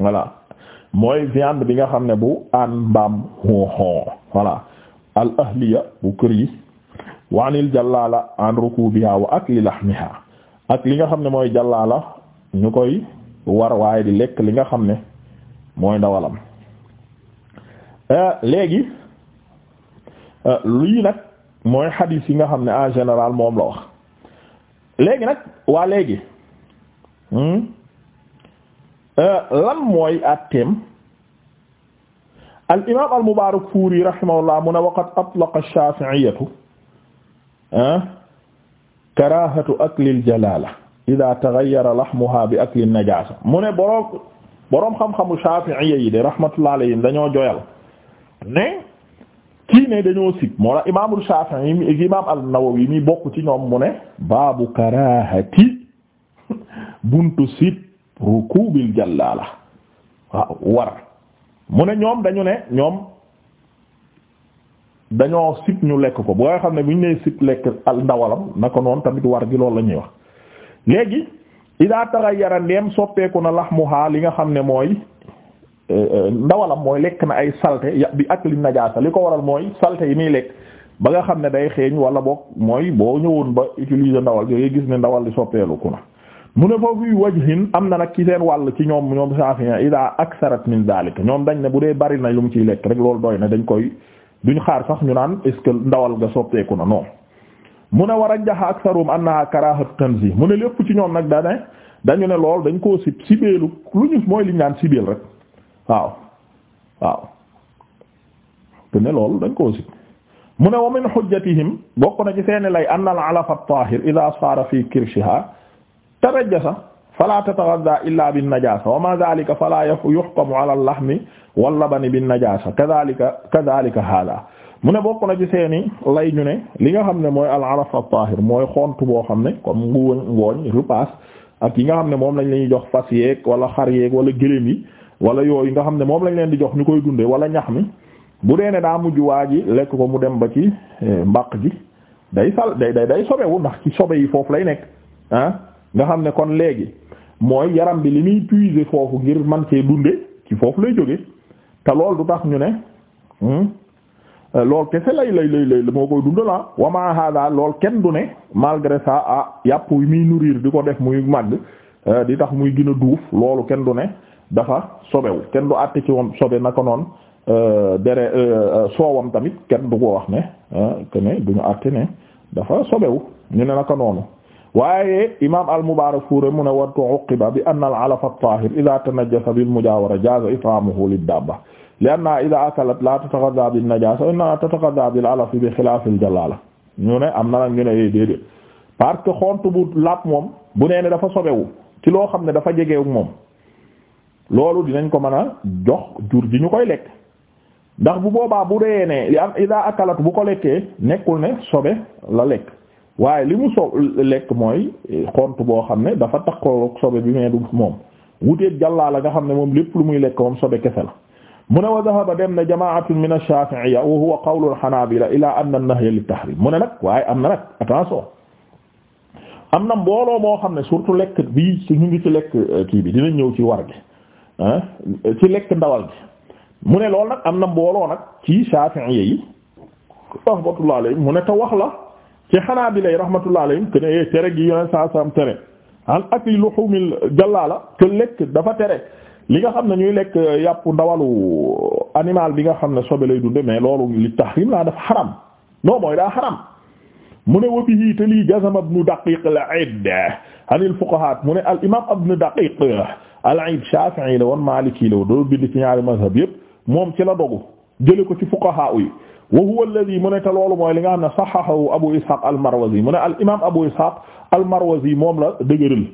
voilà mooy viande bi nga xam ne bu aan mbaam xooxoo voilà al ahliya bu kër yi wa anil jàllaala an rukubiha wa akli lahmiha ak li nga xam ne mooy jàllaala ñu koy war waaye di lekk li nga xam ne mooy ndawalam euh, léegi euh, lii nag mooy xadiis yi nga xam ne en général moom la wax léegi nag waa léegi hmm? Euh, lan mooy atteem al imaam al mubaarak fuuri rahimahullah mu ne waqad atlaqa shaafi'iyyatu ah, karaahatu akli al jalaala idaa taghayyara lahmuhaa bi akli an najaasa mu ne boroom boroom xam-xamu shaafi'iyya yi de rahmatullahi alayhim dañoo joyal ne kii ne dañoo sib moo la imaamul Shaafi'i mi imaam an-Nawawi mi bokk ci ñoom mu ne baabu karaahati buntu sib rukubil jàllaala waaw war mu ne ñoom dañu ne ñoom dañoo sib ñu lekk ko bu xam ne bu ñu nee sib lekk al ndawalam na ko noonu tamit war gi loolu lañuy wax léegi ida taxayyara ndeem soppeeku na lax mu xaa li nga xam ne mooy eh, eh, ndawalam mooy lekk na ay saleté ya bi ak li najaasa li ko waral mooy saleté yi muy lekk ba nga xam ne day xeeñ wala boog mooy boo ñëwoon ba utiliser ndawal yooyu gis ne ndawal li soppeelu na mu ne foofu yu wajhin am na nag ci seen wàll ci ñoom ñoom Shafi'i ida aksarat min daalika ñoom dañ ne bu dee bari na lu mu ciy lekk rek loolu doy na dañ koy duñ xaar sax ñu naan est ndawal nga soppeeku na non mu ne war a jaxa aksarum annaha karahatu tanzih mu ne lépp ci ñoom nag da ne dañu ne lool dañ koo sib sibeelu lu ñu mooy liñ naan sibeel rek waaw waaw te ne loolu dañ koo sib mu ne wa min hujjatihim bokk na ci seeni lay anna al alafa at-tahir ida sara fi kirshiha tarajjasa fala tataghadha illa bi najasa wa ma dhalika fala yuhkamu ala al-lahmi wal labani bin najasa kadhalika kadhalika hada mu ne bokk na ci seeni lay ñu ne li nga xam ne mooy al mooy xontu boo xam ne comme nguu ngooñ repas ak yi nga xam ne moom lañ lañuy jox fas wala xar yeeg wala gëléem yi wala yooyu nga xam ne moom lañ leen di jox ñu koy dundee wala ñax mi bu dee ne daa mujj waa ji lekk ko mu dem ba ci eh, mbaq ji day sal day day sobewu ndax sobe yi foofu lay nekk ah. nga xam ne kon léegi mooy yaram bi li muy puiser foofu ngir man cee dunde ci foofu lay jóge te lool du tax ñu ne hmm, euh, lool kese lay lay lay lay moo koy dundalaa ah. wama hada lool kenn du ne malgré ça ah yàpp wi muy nourrir di ko def muy màgg euh, di tax muy gën a duuf loolu kenn du ne dafa sobewu kenn du àtte ci woon sobe naka noonu euh, dere soowam tamit kenn du ko wax ne que du ñu àtte ne dafa sobewu ñu ne naka noonu waaye imam al-Mubarakfuri mu ne wa uqiba bi anna al-alaf at-tahir idha tanajjasa bil mujawara jaza it'amuhu lid-dabba li'anna idha akalat la tataghadha bin najasa inna tataghadha bil alaf bi khilaf al-jalala ñu ne am na nag ñu ne yooyu eh, déedéet parce que xont bu lapp moom bu nee ne dafa sobewu ci loo xam ne dafa jegewu moom loolu dinañ ko mën a jox jur ji ñu koy lekk ndax bu boobaa bu dee ne li am ida akalat bu ko lekkee nekkul ne sobe la lekk waaye li mu so lekk mooy xont boo xam ne dafa takkoo sobe bi mais du moom wuteeg jàllaa la nga xam ne moom lépp lu muy lekk moom sobe kese la mu ne wa dhahaba dem na jamaatun min ash-shafi'iyya wa huwa qawlu al-hanabila ila anna an-nahya lit mu ne nag waaye am na nag attention am na mbooloo moo xam ne surtout lekk bii su ñu ngi ci lekk euh, kii bi dinañ ñëw ci war gi ci lekk ndawal gi mu ne loolu nag am na mbooloo nag ci shafi'iyya yi rahmatullah alayhi mu ne te wax la ci Hanaabila rahmatullah alayhim que ne eh, tere gi yoneen saa saam tere an akli luhumil jalaala que dafa tere li nga xam ne ñuy lekk euh, yàpp ndawalu euh, animal bi nga xam ne sobe lay dunde mais loolu li tahrim laa dafa xaram non mooy daa xaram mu ne wa bihi te lii jazam ibnu Daqiiq al-Iid mu ne al imaam ibnu Daqiiq al-Iid Shaafi'i la woon Maaliki la woon doon bind ci ñaari mazhab yépp moom ci la dogu jële ko ci fuqahaa yi wa huwa alladhi mu ne te loolu mooy li nga xam ne sahahahu abu ishaq al-marwazi mu ne al imam abu ishaq al-marwazi moom la dëgëral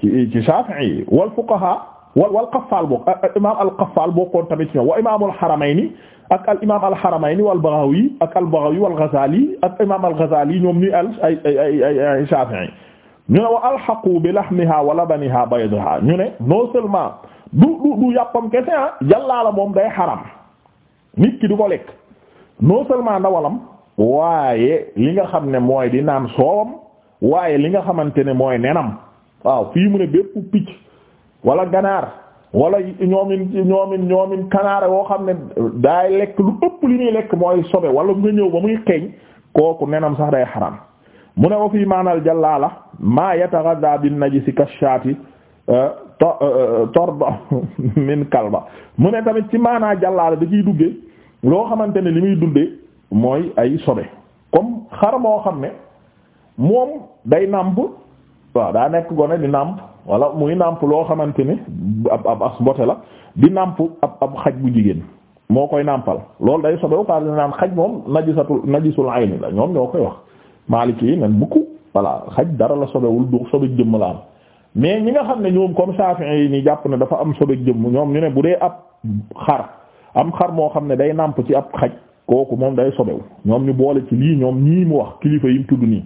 ci ci shafi'i wal fuqaha wal wal qaffal bokk imam al-qaffal bokkoon tamit ci ñoom wa imam al-haramayni ak al imam al-haramayni wal baghawi ak al-baghawi wal ghazali ak imam al-ghazali ñoom ñuy al ay ay ay ay shafi'i ñu ne wa alhaqu bi lahmiha wa labaniha baydaha ñu ne non seulement du du du yàppam kese ah jàllaa la moom day xaram nit ki du ko lekk non seulement ndawalam waaye li nga xam ne mooy di naan soowam waaye li nga xamante ne mooy nenam waaw fii mu ne bépp picc wala ganaar wala ñoomin ñoomin ñoomin kanaare woo xam ne daay lekk lu ëpp li ñuy lekk mooy sobe wala nga ñëw ba muy xeeñ kooku nenam sax day xaram mu ne wa fii maanal jàllaala maa yataghadha bin najisi kashaati euh, euh, torba min kalba mu ne tamit ci maanaa jàllaala da ciy duggee loo xamante ne li muy dundee mooy ay sobe comme xar moo xam ne moom day nàmp waaw daa nekk gone di nàmp wala muy nàmp loo xamante ne ab ab as mbote la di nàmp ab ab xaj bu jigéen moo koy nàmpal loolu day sobewu par naan xaj moom najisatul najisul ayni la ñoom ñoo koy wax maaliki yi nen bukku voilà xaj dara la sobewul du sobe jëmm la am mais ñi nga xam ne ñoom comme Shafi'i yi ni jàpp ne dafa am sobe jëmm ñoom ñu ne bu dee ab xar am xar moo xam ne day nàmp ci ab xaj kooku moom day sobewu ñoom ñu boole ci lii ñoom ñii mu wax kilifa yi mu tudd nii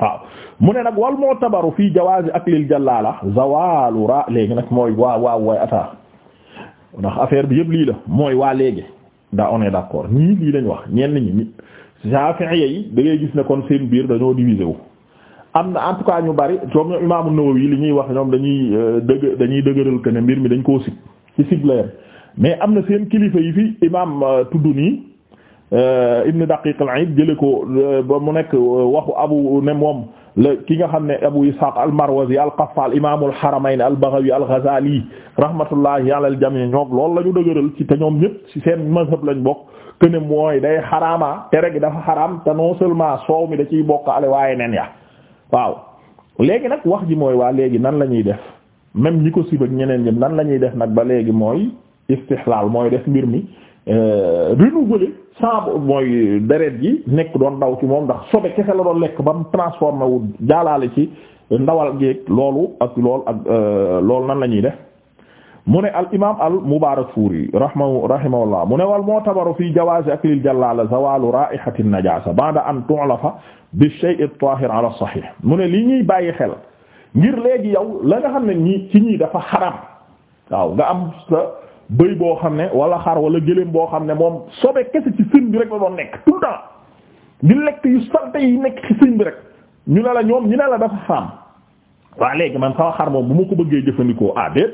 waaw mu ne nag wal moo tabaru fii jawaazi aklil jàllaala zawaalu ra léegi nag mooy waa waaw waay ataa ndax affaire bi yëpp lii la mooy waa léegi ndaa on est d'accord ñii lii lañ wax ñenn ñi Shafi'i yi da ngay gis ne kon seen biir dañoo divisé wu am na en tout cas ñu bari comme Imaamu yi li ñuy wax ñoom dañuy euh, dëgg dañuy dëgëral mbir mi dañ koo mais am na seen kilifa yi fi imaam euh, tudd nii euh, ibn daqiq al-Iid jële ko euh, ba mu nekk waxu abu ne moom la ki nga xam ne abu ishaq al-Marwazi al-Qaffal imaamul haramayn al-Baghawi al-Ghazali rahmatullahi ala al-jami' ñoom loolu la ñu dëgëral ci te ñoom ñëpp ci seen mazhab lañ bokk que mooy day xaraama tere gi dafa xaraam te non seulement soow mi da ciy bokk ale waaye nen ya waaw léegi nag wax ji mooy waa léegi nan la ñuy def même ñi ko sib ak ñeneen ñëpp nan la ñuy def nag ba léegi mooy istihlaal mooy def mbir mi euh, renouveler sans mooy deret ji nekk doon daw ci moom ndax sobe kese la doon lekk ba mu transformé wu jaalaale ci ndawal géeg loolu ak lool ak euh, lool nan la ñuy def mu ne al imaam al Mubaarakfuuri rahimahu rahimahullah mu ne wal mu'tabaru fi jawaazi aklil jallaala zawaalu raa'ihati najaasa ba'da an tu'lafa bi shay'i taahir ala saxiix mu ne li ñuy bàyyi xel ngir léegi yow la nga xam ne ñii ci ñii dafa xaram waaw nga am sa bëy boo xam ne wala xar wala gëléem boo xam ne moom sobe kese ci sën bi rek la doon nekk tout le temps di lekk yu salte yi nekk ci bi rek ñu ne la ñoom ñu ne la dafa xaram waa léegi man sama xar moom bu ma ko bëggee jëfandikoo ah déet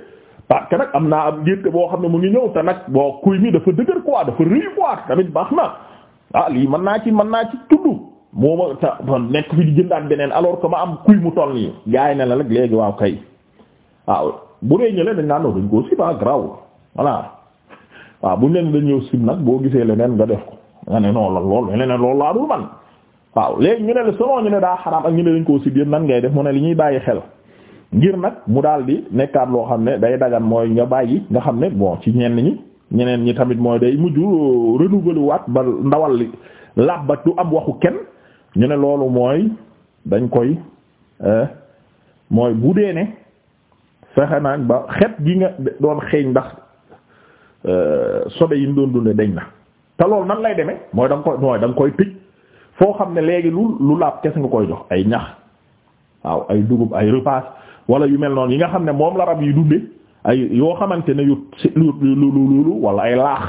parce nag am naa am gerte boo xam ne mu ngi ñëw te nag boo kuy mi dafa dëgër quoi dafa rëy quoi tamit baax na ah lii mën naa ci mën naa ci tudd moo ma nekk fi di jëndaat beneen alors que ma am kuy mu toll nii. gars yi ne la nag léegi waaw kay bu dee ñële dañ naan dañ koo voilà waaw bu leen da ñëw sim nag boo gisee leneen nga def ko nga ne la lool leneen loolu laa dul man waaw léegi ñu ne la selon ñu ne daa xaraam ak ñu ne dañ koo sib yëpp nan ngay def mu li ñuy bàyyi xel ngir nag mu daal di nekkaat loo xam ne day dagan mooy nga bàyyi nga xam ne bon ci ñenn ñi ñeneen ñi tamit mooy day mujj euh, renouveler waat ba ndawal li laab ba du kenn ñu ne loolu mooy dañ koy euh, mooy bu dee ne fexe naag ba xet gi nga doon xeeñ ndax. Euh, sobe yi mu doon dundee dañ na te loolu nan lay demee mooy da nga koy mooy da koy tëj foo xam ne léegi lu lu laab kes nga koy jox ay ñax waaw ay dugub ay repas wala yu mel noonu yi nga xam ne moom la rab yi dunde ay yoo xamante ne yu lu lu lu wala ay laax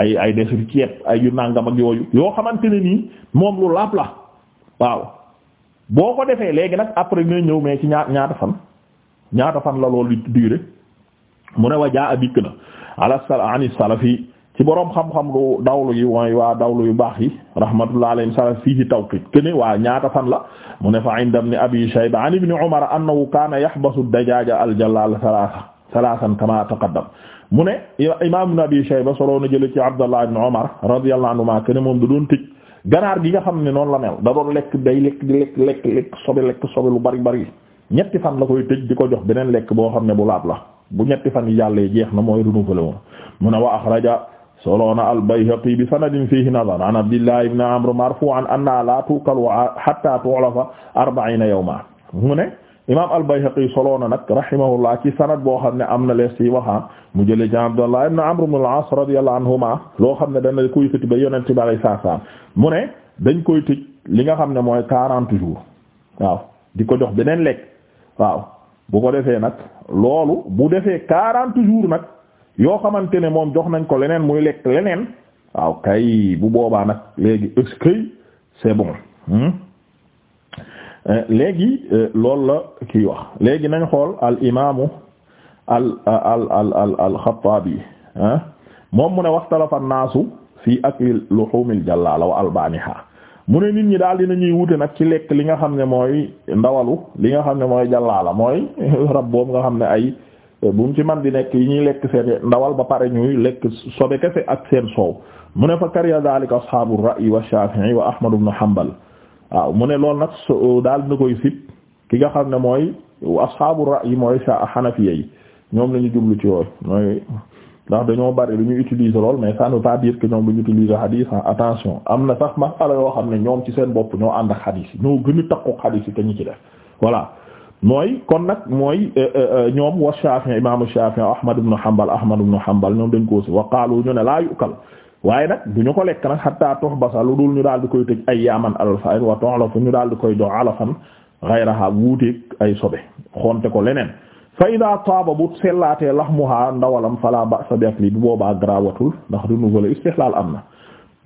ay ay desul ay yu ak yooyu yoo xamante ne nii moom lu laab la waaw boo ko defee léegi nag après nga ñëw mais ci ñaar ñaata fan ñaata fan la loolu di duré mu ne wa jaa a dikk na ala ani fii ci boroom xam-xam lu dawlu yi mooy waa dawlu yu baax yi rahmatullah alayhim salaf fiihi tawqit kene waa ñaata fan la mu ne fa inda ibn abi shayba an ibn umar annahu kana yahbasu dajaja aljallal salaasa salaasan kama taqaddam mu ne imam ibn abi shayba soloo na jële ci abdullah ibn umar radiyallahu anhuma kene moom da doon tëj ganaar gi nga xam ne noonu la mel da doon lekk day lekk di lekk lekk sobe lu bari bari ñetti fan la koy tëj di ko jox beneen lekk boo xam ne bulaat la bu ñetti fan yi yàlla jeex na mooy renouvelé woon mu ne wa axraja soloona al-Bayhaqi bi sanadin fiihi nazar an Abdillah ibn Amr marfu'an anna la tukalu hatta tu'lafa arba'iina yawman mu ne imaam al-Bayhaqi soloona nag rahimahullah ci sanad boo xam ne am na lees ci waxa mu jëlee ci Abdullah ibn Amr ibn al-As radiyallahu anhuma loo xam ne dana koy tëj ba yonent bi alayhi salaam mu ne dañ koy tëj li nga xam ne mooy 40 jours waaw di ko jox beneen lekk waaw. bu ko defee nag loolu bu defee quarante jours nag yoo xamante ne moom jox nañ ko leneen muy lekk leneen waaw kay bu boobaa nag léegi est-ce hmm? euh, léegi euh, loolu la kiy wax léegi nañ xool al imaamu al al al al al Xattaabi moom mu ne waxtalafa naasu fii akli luhumil jallala wa albaaniha mu ne nit ñi daal dina ñuy wute nag ci lekk li nga xam ne mooy ndawalu li nga xam ne mooy jàllaala mooy rab boobu nga xam ne ay eh, bu mu ci man di nekk yi ñuy lekk seen ndawal ba pare ñuy lekk sobe kese ak seen soow mu ne fa kariya daalika ashaabu ra'yi wa shaafi'i wa ahmad ibn hanbal waaw mu ne loolu nag daal dina koy sib ki nga xam ne mooy ashaabu ra'yi mooy xanafiya yi ñoom lañu jublu ci yooyu ndax dañoo bari lu ñu utiliser lool mais ça ne veut pas dire que ñoom lu ñu utiliser hadith attention am na sax masala yoo xam ne ñoom ci seen bopp ñoo ànd ak hadith yi ñoo gën a takku hadith yi te ñu ci def voilà mooy kon nag mooy eh, eh, eh, ñoom wa Shafi'i imaamu Shafi'i Ahmad xambal Hanbal Ahmad ibn xambal ñoom dañ ko ci wa qaalu ñu ne laa yukal waaye nag du ñu ko lekk nag hatta tuhbasa lu dul ñu daal di koy tëj ayyaman alfayn wa tu'lafu ñu daal di koy jox alafan ghayraha wuuteeg ay sobe xonte ko leneen fa ida taaba bu sellaatee laxmuha ndawalam fala ba'sa bi akli bu boobaa garawatul ndax renouveler istihlal am na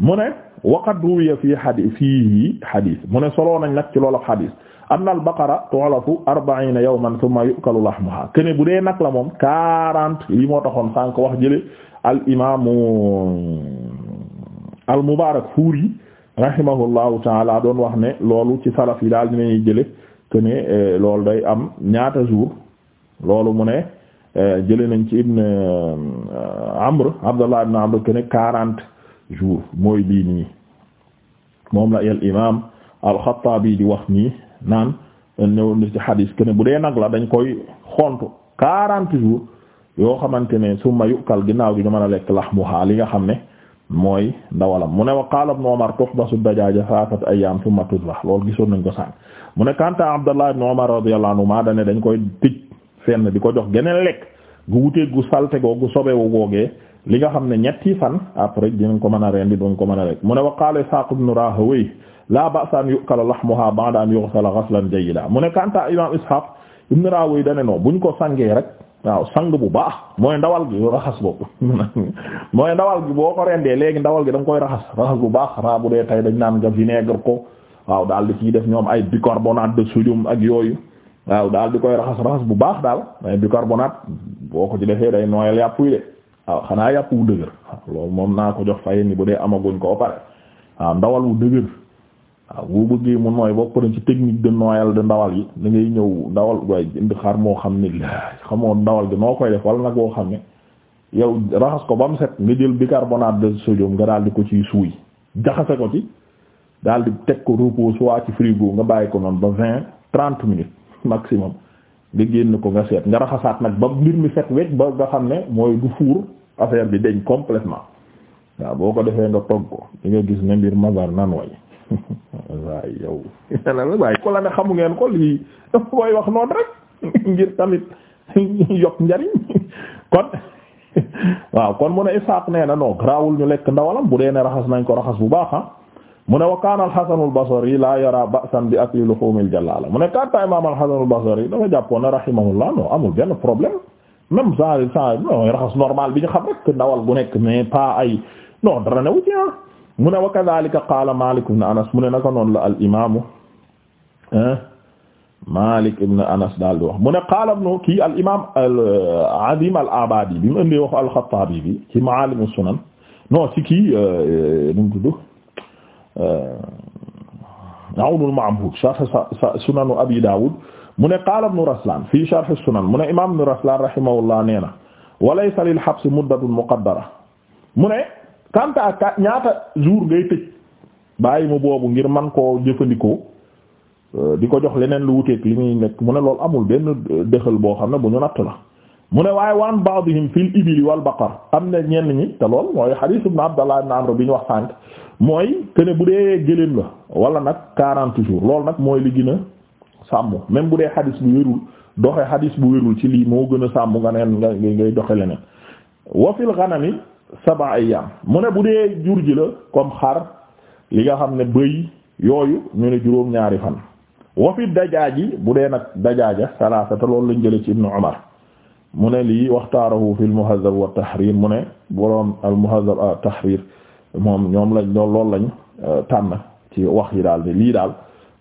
mu ne waqad ruwiya fii xadis fiihi xadis mu ne soloo nañ nag ci loolu xadis anna al baqara tu'lafu arbaina yawman thumma yu'kalu laxmuha kene bu dee nag la moom quarante li moo taxoon sànq wax jële al imamu al mubarak fuuri rahimahullahu taala doon wax ne loolu ci salaf yi daal dinañuy jële kene eh, loolu day am ñaata jour loolu mu ne eh, jële nañ ci ibn eh, amr abdullah ibn amr kene quarante jours mooy lii nii moom la al imam al-Xattaabi di wax nii naan ñëwoon na ci xadiis kene bu dee nag la dañ koy xont quarante jours yoo xamante ne summa yukal ginnaaw gi ñu mën a lekk xaal li nga xam ne mooy ndawalam mu ne wa qaala ibn Umar tuhbasu dajaaja salasat ayyaam summa tuzbah loolu gisoon nañ ko sànq mu ne kanta Abdullah ibn Umar radiyallahu anhu maa dane dañ koy tëj fenn di ko jox geneen lekk gu wuteeg gu salte goo gu sobewu googee li nga xam ne ñetti fan après dinañ ko man a rendi duñ ko mën a lekk mu ne wa qaala Isaaq ibn Rahawayh la ba'sa an yu'kala lahmuha ba'da an yughsala ghaslan jayyida mu ne kanta imam Isaaq ibn Rahawayh dane noo buñ ko sangee rek waaw sang bu baax mooy ndawal gi raxas boobu mooy ndawal gi boo ko rendee léegi ndawal gi da nga koy raxas raxas bu baax raa bu dee tay dañ naan nga vinaigre ko waaw daal di ciy def ñoom ay bicarbonate de sodium ak yooyu waaw daal di koy raxas raxas bu baax daal mais bi bicarbonate boo ko ci defee day nooyal yàpp yi de waaw xanaa yàpp wu dëgër loolu moom naa ko jox fayen ni bu dee amaguñ koo pare waaw ndawal wu dëgër waaw boo bëggee mu nooy boo paree ci technique de noyal de ndawal yi da ngay ñëw ndawal waaye indi xar moo xam ne xamoo ndawal gi noo koy def wala nag boo xam ne yow raxas ko ba mu set nga jël bicarbonate de sodium nga daal di ko ci suuy jaxase ko ci daal di teg ko repos soit ci frigo ko noonu ba vingt trente minutes maximum nga génn ko nga seet nga raxasaat nag ba mbir mi set wecc ba nga xam ne mooy du fuur affaire bi deñ complètement waaw boo ko defee nga togg ko di nga gis ne mbir mazar nan way waaye yow waaye ko xamu ngeen ko lii koy wax noonu rek ngir tamit yokk njariñ kon waaw kon mu ne Isaaq nee na non grawul ñu lekk ndawalam bu dee ne raxas nañ ko raxas bu baax ah. mu ne wa kaana al-Hasan al-Basri laa yara ba'san bi akli luhumil jalaala mu ne kanta imaam al-Hasan al-Basri dafa jàppoon ne rahimahullah non amul benn problème même sans sans mooy raxas normal bi ñu xam rek ndawal bu nekk mais pas ay non dara newu ci ah mu ne wa kadhalika qaala Maalik ibn Anas mu ne naka noonu la al imaamu Maalik ibn Anas daal di wax mu ne qaala ibn kii al imaam al-Azim al-Abadi bi mu ëndee wax al-Khattabi bi ci Maalim as-Sunan non ci kii euh, nu mu tudd Euh, Awnul Ma'bud sharh Sunan Abi Dawud mu ne qaala Ibn Raslan fii sharh Sunan mu ne imaam Ibn Raslan rahimahullah nee na wa laysa lil habs muddatun muqaddara mu ne kanta ñaata jour ngay tëj bàyyi mu boobu ngir man ko jëfandikoo euh, di ko jox leneen lu wuteek li muy nekk mu ne loolu amul benn euh, dëxal boo xam ne bu ñu natt la mu ne waaye waan ba'dihim fil ibili wal baqar am na ñenn ñi te lool mooy hadith ibn Abdallah ibn Amr bi ñu wax mooy que ne bu dee gëléem la wala nag quarante jours lool nag mooy li gën a sàmm même bu dee xadis bu wérul doxe xadis bu wérul ci lii moo gën a sàmm nga neen nga ngay doxe leneen wa fil ghanami sab'a ayyam mu ne bu dee jur ji la comme xar li nga xam ne bëy yooyu ñu ne juróom ñaari fan wa fi dajaaji bu dee nag dajaaja salaasa te loolu lañ jële ci ibnu Umar mu ne lii waxtaarahu fi al-Muhazzab wa tahrir mu ne boroom al-Muhazzab at-Tahrir moom ñoom lañ lool lañ euh, tànn ci wax yi daal ne lii daal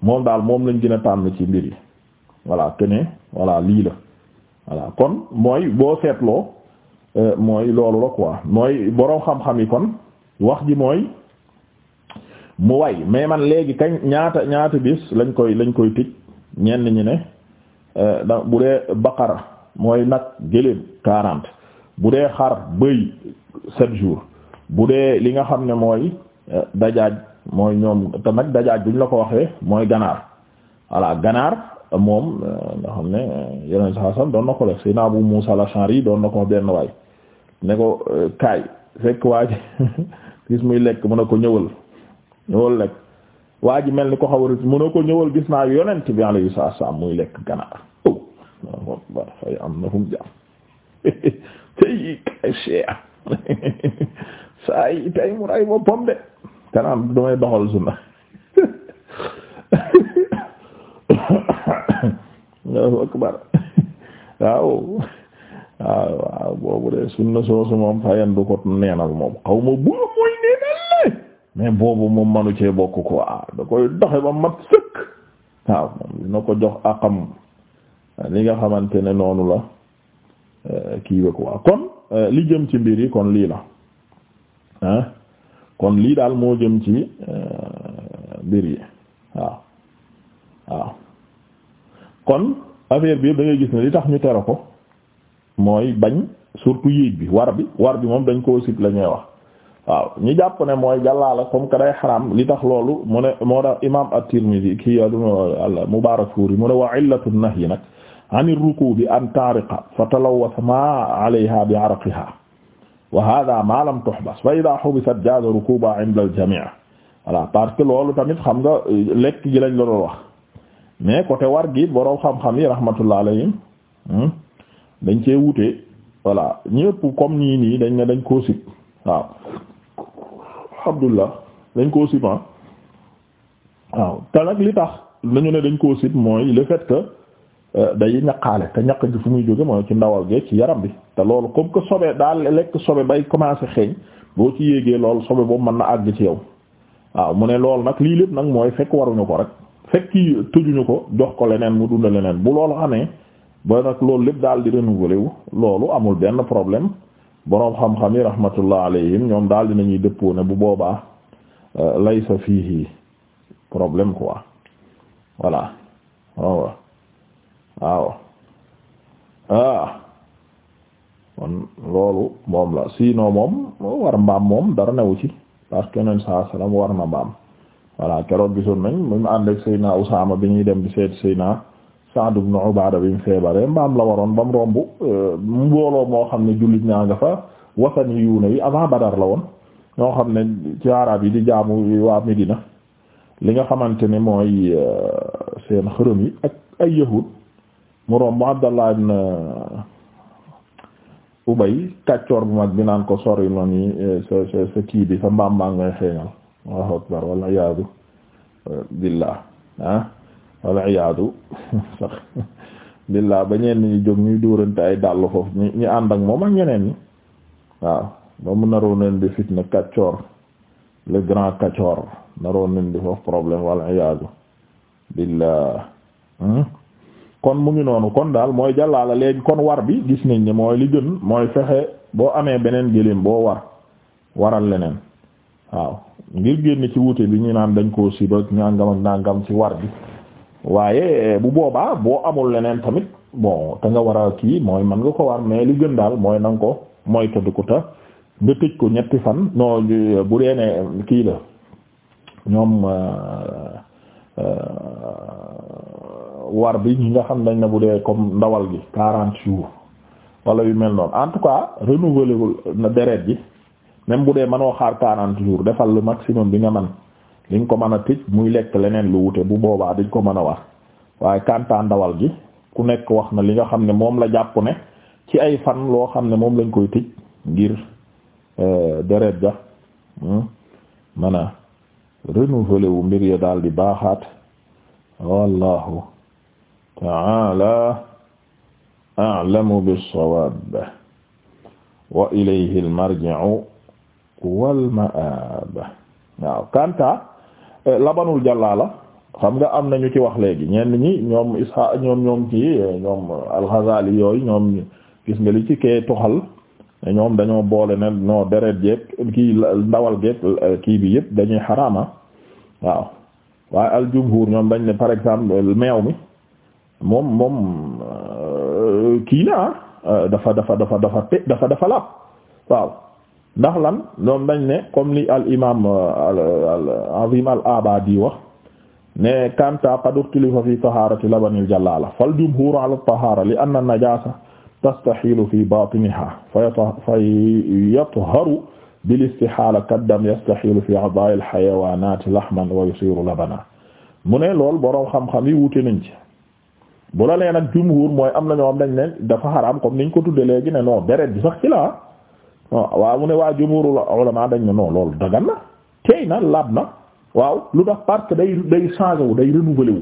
moom daal moom lañ gën a tànn ci mbir yi voilà te ne voilà lii la voilà kon mooy boo seetloo euh, mooy loolu la quoi mooy boroom xam-xam yi kon wax ji mooy mu way mais man léegi kañ ñaata ñaata bis lañ koy lañ koy tëj ñenn ñi ne euh, da bu dee baqara mooy nag gëléem quarante bu dee xar bëy sept jours bu dee li nga xam ne mooy euh, dajaaj mooy ñoom te nag dajaaj buñ la ko waxee mooy ganaar voilà ganaar moom euh, nga xam ne yeneen saa sam doon na ko def Seydina Abu Muusa al-Ash'ari doon na ko benn waay ne ko euh, kaay fekk waa gis muy lekk mun a ko ñëwal ñëwal lekk waa ji mel ni ko xawarit mun a ko ñëwal gis naa yonent bi alayhi salaam muy lekk ganaar waaw oh, waaw fay am na fu mu saa yi tey mu ray boppam de kanam damay doxal sunna Allahu waaw waaw boobu de sunna soosu moom fayan du ko neenal moom xaw ma bu mooy neenal mais boobu moom manu cee bokk ko ah da koy doxe ba mat sëkk waaw moom dina ko jox akam li nga xamante ne noonu la eh, kii we waa kon eh, li jëm ci mbir yi kon lii la kon lii daal moo jëm ci euh, mbir yi waaw waaw kon affaire bi da ngay gis ne li tax ñu tero ko mooy bañ surtout yéeg bi war bi war bi moom dañ ko sib lañuy wax waaw ñu jàpp ne mooy jàllaala comme que day xaram li tax loolu mu ne moo tax imam at-Tirmidhi kii al Mubarakfuri mu ne wa illatu nahyi nag an ar-rukubi an tariqa fa talawwasa ma alayha bi araqiha waa hada ma lam tuhbas fa ida hubisat jaza rukuba inda al jami' voilà parce que loolu tamit xam nga euh, lekk gi lañ la doon wax mais côté war gi borom xam-xam yi rahmatullah alayhim hmm, dañ cee wute voilà ñëpp comme nii nii dañ ne dañ koo sib waaw alhamdulillah dañ koo siban ah. waaw te nag li tax lañu ne dañ koo sib mooy le que day ñaqaale te ñaq gi fu muy jóge mooy ci ndawal gee ci yaram bi te loolu comme que sobe daal lekk sobe bay commencé xeeñ boo ci yéegee loolu sobe boobu mën na àgg ci yow waaw mu ne loolu nag lii lépp nag mooy fekk waruñu ko rek fekk tëjuñu ko jox ko leneen mu dunda leneen bu lool xamee ba nag loolu lépp daal di renouvelé wu loolu amul benn problème boroom xam-xam yi rahmatullah alayhim ñoom daal dinañuy dëppoo ne bu boobaa euh, laysa fiihi problème quoi voilà waaw ah kon loolu moom la sinon moom war mbaam moom dara newu ci parce que neen saa salaam war na mbaam voilà keroog gisoon nañ mu mu ànd ak Seydina Usaama bi ñuy dem bi seet Seydina Sa'd ibn Ubaada bi mu feebaree mbaam la waroon ba mu romb euh, mbooloo moo xam ne jullit naa nga fa wasani yuuna yi avant Badar la woon ñoo xam ne ci araab yi di jaamu waa Medina li nga xamante ni mooy euh, seen xërëm yi ak ay yahud mu romb Abdallah uh, Ubay kàccoor bu mag dinaan ko sori noonu eh, sa sa kii bi sa mbaam maa ngi lay xeeñal Allahu akbar wal iyaadu billah ah wal iyaadu sax billah ba ñeen ñi jóg ñuy dóorante ay dàll foofu ñi ñi ànd ak moom ak ñeneen ñi waaw ba mu naroon leen di fitna kàccoor le grand kàccoor naroon leen di foofu problème wal iyaadu billah hmm? kon mu ngi noonu kon daal mooy jàllaala léegi kon war bi gis nañ ne mooy li gën mooy fexe boo amee beneen gëléem boo war waral leneen waaw ngir génn ci wuute bi ñu naan dañ koo siba nangam ak nangam ci war bi waaye bu boobaa boo amul leneen tamit bon te nga war a kii mooy mën nga ko war mais li gën daal mooy na ko mooy tëdd ko ta nga tëj ko ñetti fan non bu dee ne kii la ñoom euh, euh, war bi ñi nga xam dañ na bu dee comme ndawal gi quarante jours wala yu mel noonu en tout cas renouveler na deret bi même bu dee mënoo xaar quarante jours defal lu maximum bi nga man li nga ko mën a tëj muy lekk leneen lu wute bu boobaa dañ ko mën a wax waaye kantaa ndawal gi ku nekk wax na li nga xam ne moom la jàpp ne ci ay fan loo xam ne moom lañ koy tëj ngir euh, deret ja hmm, mën a renouveler mbir ya daal di baaxaat wallahu ta'ala a'lamu bis-sawaab wa ilayhi al-marji'u wal ma'aab waaw kanta eh, labanul jàllaala xam nga am na nañu ci wax léegi ñenn ñi ñoom isha ñoom ñoom ci ñoom al yooyu ñoom gis nga li ci kee toxal ñoom dañoo boole na non deret jeeg kii ndawal geeg eh, kii bi yëpp dañuy xaraama waaw waaye al ñoom dañ ne par exemple meew mi moom moom euh, kii la euh, dafa dafa dafa dafa te dafa dafa laab waaw ndax lan ñoom dañ ne comme li al imam euh, al azim al abadi wax ne kanta qad uxtilifa fi taharati labanil jallala fal jumhur ala tahara li anna najasa tastaxilu fi batiniha fa yatharu bil istihala kaddam yastaxilu fi a'da'il hayawanati lahman wa yusiru labana mu ne lool boroom xam-xam yi wuute nañ ci bu la nee nag jumhur mooy am na ñoo am dañ ne dafa xaraam comme niñ ko tudde léegi ne non deret bi sax ci la waaw mu ne waa jumhurul ulama dañ ne non loolu dagan na tey na laab na waaw lu tax parce que day day changé wu day renouvelé wu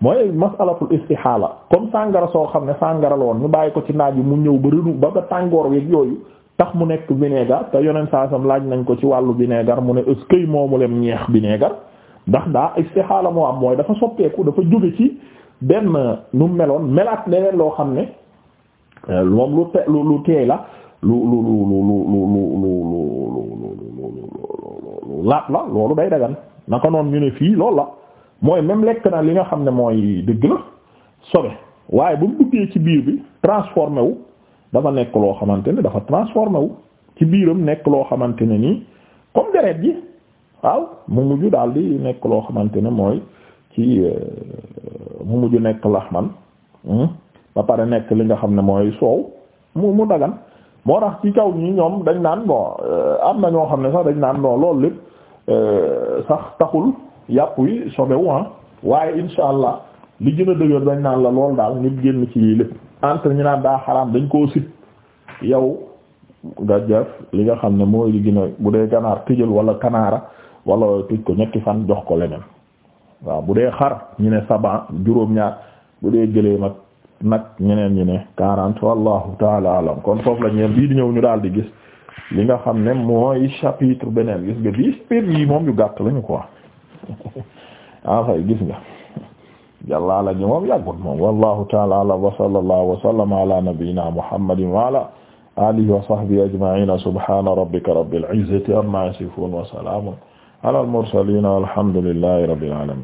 mooy masalatul istihaala comme sàngara soo xam ne sàngara la woon ñu bàyyi ko ci naaj bi mu ñëw ba renou ba tàngoor weeg yooyu tax mu nekk vinaigre te yoneen saasam laaj nañ ko ci wàllu vinaigre mu ne est-ce que moomu lem ñeex vinaigre ndax daa istihaala moo am mooy dafa soppeeku dafa jóge ci benn nu meloon melaat leneen loo xam ne moom lu te lu lu teey la lu lu lu lu lu lu lu lu laat la loolu day dagan naka noonu ñu ne fii loolu la mooy même lekk na li nga xam ne mooy dëgg la sobe waaye bu mu duggee ci biir bi transformé wu dafa nekk loo xamante ne dafa transformé wu ci biiram nekk loo xamante ne nii comme deret ji waaw mu mujj daal di nekk loo xamante ne mooy ci euh, mu mujj nekk laxman hmm, ba pare nekk li nga xam ne mooy soow mu mu dagan moo tax ci kaw ñi ñoom dañ naan bon euh, am na ñoo xam ne sax dañ naan non loolu lépp euh, sax taxul yàpp yi sobewu ah waaye insha allah li gën a dëgër dañ naan la lool daal nit génn ci yii lépp entre ñu naan daa xaraam dañ koo sit yow nga jëf li nga xam ne mooy li gën bu dee ganaar tëjal wala kanaara wala tëj ko ñetti fan jox ko leneen waaw bu dee xar ñu ne saban juróom-ñaar bu dee gëléem ak nag ñeneen ñu ne quarante wallahu taala alam kon foofu la ñeen bii di ñëw ñu daal di gis li nga xam ne mooy chapitre beneen gis nga bii spir yi moom yu gàtt lañu quoi en ah, fay gis nga yàllaa la ñu moom yàggut moom wallahu taala alam wa sallallahu wa sallama ala nabiyyina muhammadin wa ala alihi wa sahbihi ajma'ina subhana rabbika rabbil izzati amma yasifun wa salamun ala al mursalin walhamdulillahi rabbil alamin